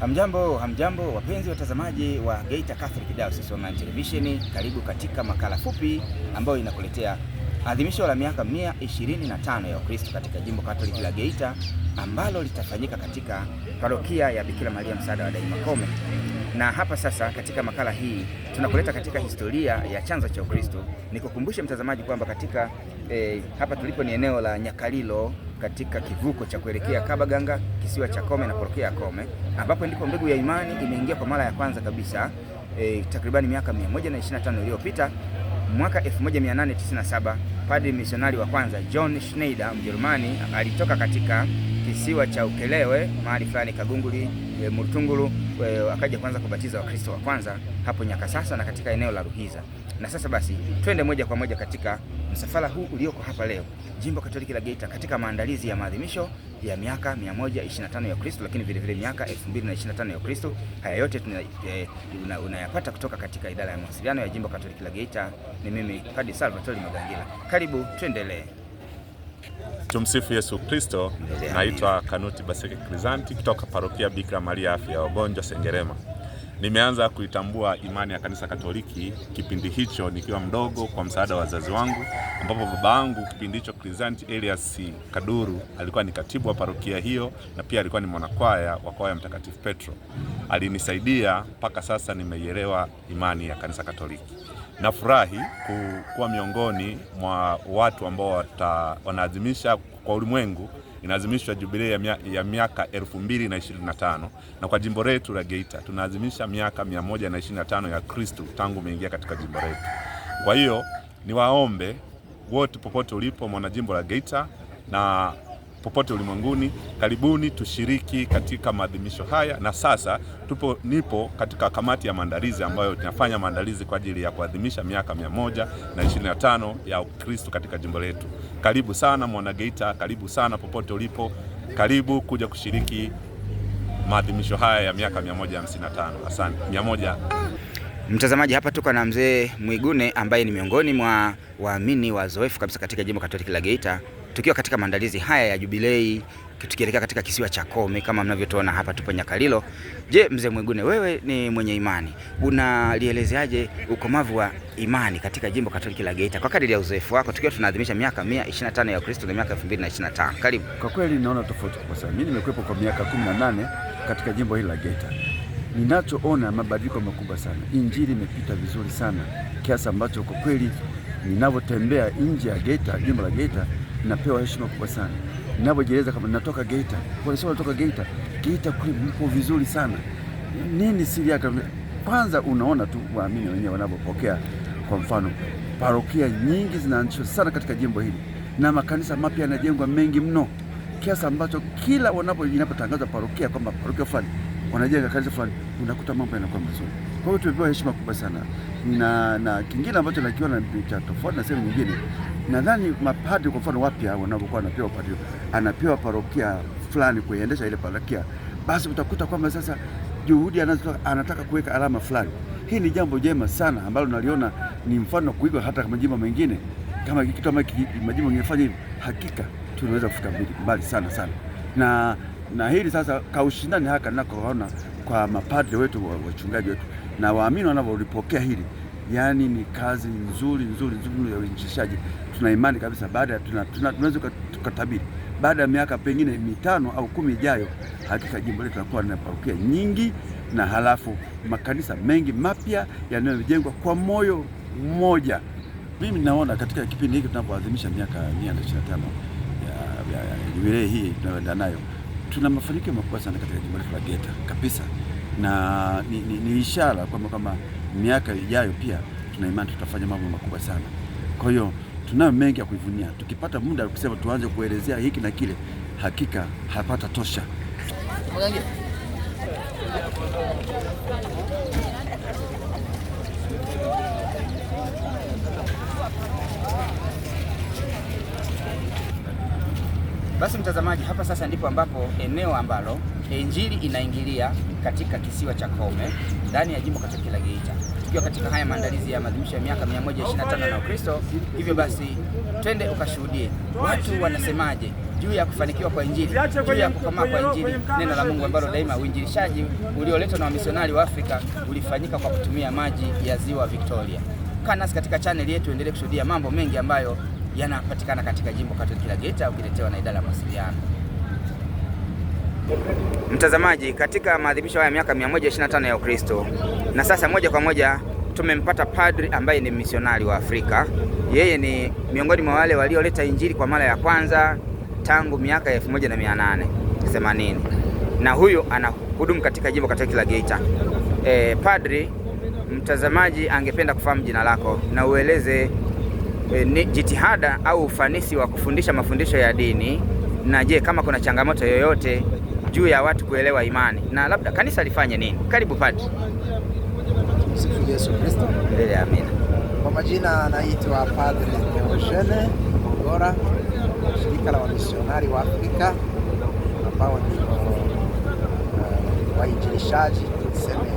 Hamjambo, hamjambo wapenzi watazamaji wa Geita Catholic Diocese Online Television, karibu katika makala fupi ambayo inakuletea adhimisho la miaka 125 ya Ukristo katika jimbo Katoliki la Geita ambalo litafanyika katika parokia ya Bikira Maria Msaada wa Daima Kome. Na hapa sasa, katika makala hii tunakuleta katika historia ya chanzo cha Ukristo. Nikukumbushe mtazamaji kwamba katika eh, hapa tulipo ni eneo la Nyakalilo katika kivuko cha kuelekea Kabaganga, kisiwa cha Kome na parokia ya Kome, ambapo ndipo mbegu ya imani imeingia kwa mara ya kwanza kabisa eh, takribani miaka 125 iliyopita Mwaka 1897 padri misionari wa kwanza John Schneider Mjerumani alitoka katika kisiwa cha Ukelewe mahali fulani Kagunguli e, Murutungulu e, akaja kwanza kubatiza Wakristo wa kwanza hapo Nyakasasa na katika eneo la Ruhiza. Na sasa basi twende moja kwa moja katika Msafara huu ulioko hapa leo Jimbo Katoliki la Geita katika maandalizi ya maadhimisho ya miaka 125 ya Kristo, lakini vilevile miaka 2025 ya Kristo. Haya yote eh, unayapata kutoka katika idara ya mawasiliano ya Jimbo Katoliki la Geita. Ni mimi Padre Salvatore Magangila, karibu tuendelee. Tumsifu Yesu Kristo. Naitwa Kanuti Baseke Krizanti kutoka parokia Bikira Maria afya ya wagonjwa Sengerema. Nimeanza kuitambua imani ya kanisa Katoliki kipindi hicho nikiwa mdogo kwa msaada wa wazazi wangu, ambapo baba yangu kipindi hicho Crisant Elias Kaduru alikuwa ni katibu wa parokia hiyo na pia alikuwa ni mwanakwaya wa kwaya Mtakatifu Petro. Alinisaidia mpaka sasa nimeielewa imani ya kanisa Katoliki. Nafurahi kuwa miongoni mwa watu ambao wanaadhimisha kwa ulimwengu inaadhimishwa jubilei ya, mia, ya miaka 2025 na kwa jimbo letu la Geita tunaadhimisha miaka 125 ya Kristo tangu umeingia katika jimbo letu. Kwa hiyo niwaombe wote popote ulipo mwana jimbo la Geita na popote ulimwenguni. Karibuni tushiriki katika maadhimisho haya, na sasa tupo nipo katika kamati ya maandalizi ambayo tunafanya maandalizi kwa ajili ya kuadhimisha miaka 125 na ya Ukristo katika jimbo letu. Karibu sana Mwanageita, karibu sana popote ulipo, karibu kuja kushiriki maadhimisho haya ya miaka 155. Asante. 100. Mtazamaji, hapa tuko na mzee Mwigune ambaye ni miongoni mwa waamini wazoefu kabisa katika jimbo Katoliki la Geita tukiwa katika maandalizi haya ya jubilei tukielekea katika kisiwa cha Kome kama mnavyotuona hapa tupo Nyakalilo. Je, mzee Mwigune, wewe ni mwenye imani, unalielezeaje ukomavu wa imani katika jimbo Katoliki la Geita kwa kadiri ya uzoefu wako, tukiwa tunaadhimisha miaka 125 ya Ukristo na miaka 2025? Karibu. Kwa kweli naona tofauti kubwa sana. Mimi nimekuwepo kwa miaka 18 katika jimbo hili la Geita, ninachoona mabadiliko makubwa sana. Injili imepita vizuri sana kiasi ambacho kwa kweli ninavyotembea nje ya Geita, jimbo la Geita napewa heshima kubwa sana ninavyojieleza kama natoka Geita. Kwa nini natoka Geita? Geita kule mpo vizuri sana. Nini siri yake? Kwanza unaona tu waamini wenyewe wanavyopokea. Kwa mfano, parokia nyingi zinaanzishwa sana katika jimbo hili na makanisa mapya yanajengwa mengi mno, kiasi ambacho kila wanapo inapotangaza parokia kwamba parokia fulani wanajenga kanisa fulani, unakuta mambo yanakuwa mazuri. Kwa hiyo tumepewa heshima kubwa sana na, na kingine ambacho nakiona ni cha tofauti na sehemu nyingine nadhani mapadri kwa mfano wapya wanapokuwa anapewa padri, anapewa parokia fulani kuiendesha ile parokia, basi utakuta kwamba sasa juhudi anataka, anataka kuweka alama fulani. Hii ni jambo jema sana ambalo naliona ni mfano kuigwa hata majimbo mengine. Kama kitu kama majimbo yangefanya hivi, hakika tunaweza kufika mbali sana sana na na hili sasa kaushindani haka nakoona kwa mapadri wetu wachungaji wetu na waamini wanavyolipokea hili yani ni kazi nzuri nzuri nzuri ya uinjilishaji. Tuna imani kabisa baada tunaweza tuna, tuna tukatabiri baada ya miaka pengine mitano au kumi ijayo, hakika jimbo letu litakuwa na parokia nyingi na halafu makanisa mengi mapya yanayojengwa kwa moyo mmoja. Mimi naona katika kipindi hiki tunapoadhimisha miaka 125 ya, ya, jubilei hii tunayoenda nayo, tuna mafanikio makubwa sana katika jimbo letu la Geita kabisa, na ni, ni, ni ishara kwamba kama miaka ijayo pia tuna imani tutafanya mambo makubwa sana. Kwa hiyo tunayo mengi ya kuivunia. Tukipata muda kusema tuanze kuelezea hiki na kile, hakika hapata tosha. Basi mtazamaji, hapa sasa ndipo ambapo eneo ambalo injili inaingilia katika kisiwa cha kome ndani ya jimbo katoliki la Geita, tukiwa katika haya maandalizi ya maadhimisho ya miaka 125 na Ukristo. Hivyo basi, twende ukashuhudie watu wanasemaje juu ya kufanikiwa kwa injili, juu ya kukomaa kwa injili, neno la Mungu ambalo daima uinjilishaji ulioletwa na wamisionari wa Afrika ulifanyika kwa kutumia maji ya ziwa Victoria. Kaa nasi katika chaneli yetu, endelee kushuhudia mambo mengi ambayo yanapatikana katika jimbo Katoliki la Geita, ukiletewa na idara ya mawasiliano. Mtazamaji, katika maadhimisho haya miaka 125 ya Ukristo, na sasa moja kwa moja tumempata padri ambaye ni misionari wa Afrika. Yeye ni miongoni mwa wale walioleta injili kwa mara ya kwanza tangu miaka ya 1880 na huyu anahudumu katika jimbo Katoliki la Geita. E, padri, mtazamaji angependa kufahamu jina lako na ueleze e, ni jitihada au ufanisi wa kufundisha mafundisho ya dini, na je, kama kuna changamoto yoyote juu ya watu kuelewa imani na labda kanisa lifanye nini? Karibu Padri. Sifu Yesu Kristo. Ee, Amina. Kwa majina anaitwa Padre Eugene Ngora, shirika la wamisionari wa Afrika ambao ni uh, wainjilishaji, tuseme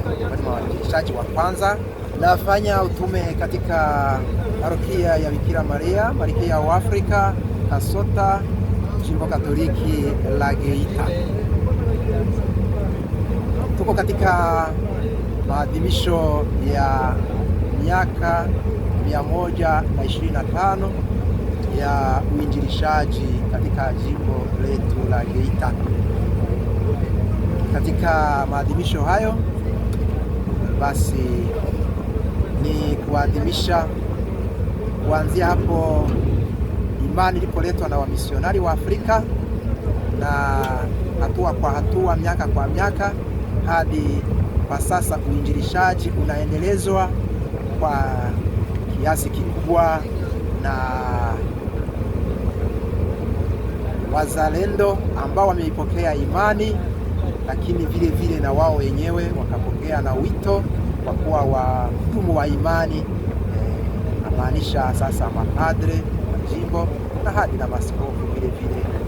wainjilishaji wa kwanza nafanya utume katika parokia ya Bikira Maria, parokia wa Afrika, Kasota, Jimbo Katoliki la Geita. Tuko katika maadhimisho ya miaka 125 ya uinjilishaji katika jimbo letu la Geita. Katika maadhimisho hayo basi ni kuadhimisha kuanzia hapo imani ilipoletwa na wamisionari wa Afrika na hatua kwa hatua, miaka kwa miaka, hadi kwa sasa uinjilishaji unaendelezwa kwa kiasi kikubwa na wazalendo ambao wameipokea imani, lakini vile vile na wao wenyewe wakapokea na wito kwa kuwa wa mtumu wa imani eh, namaanisha sasa mapadre majimbo na hadi na maskofu vile vile.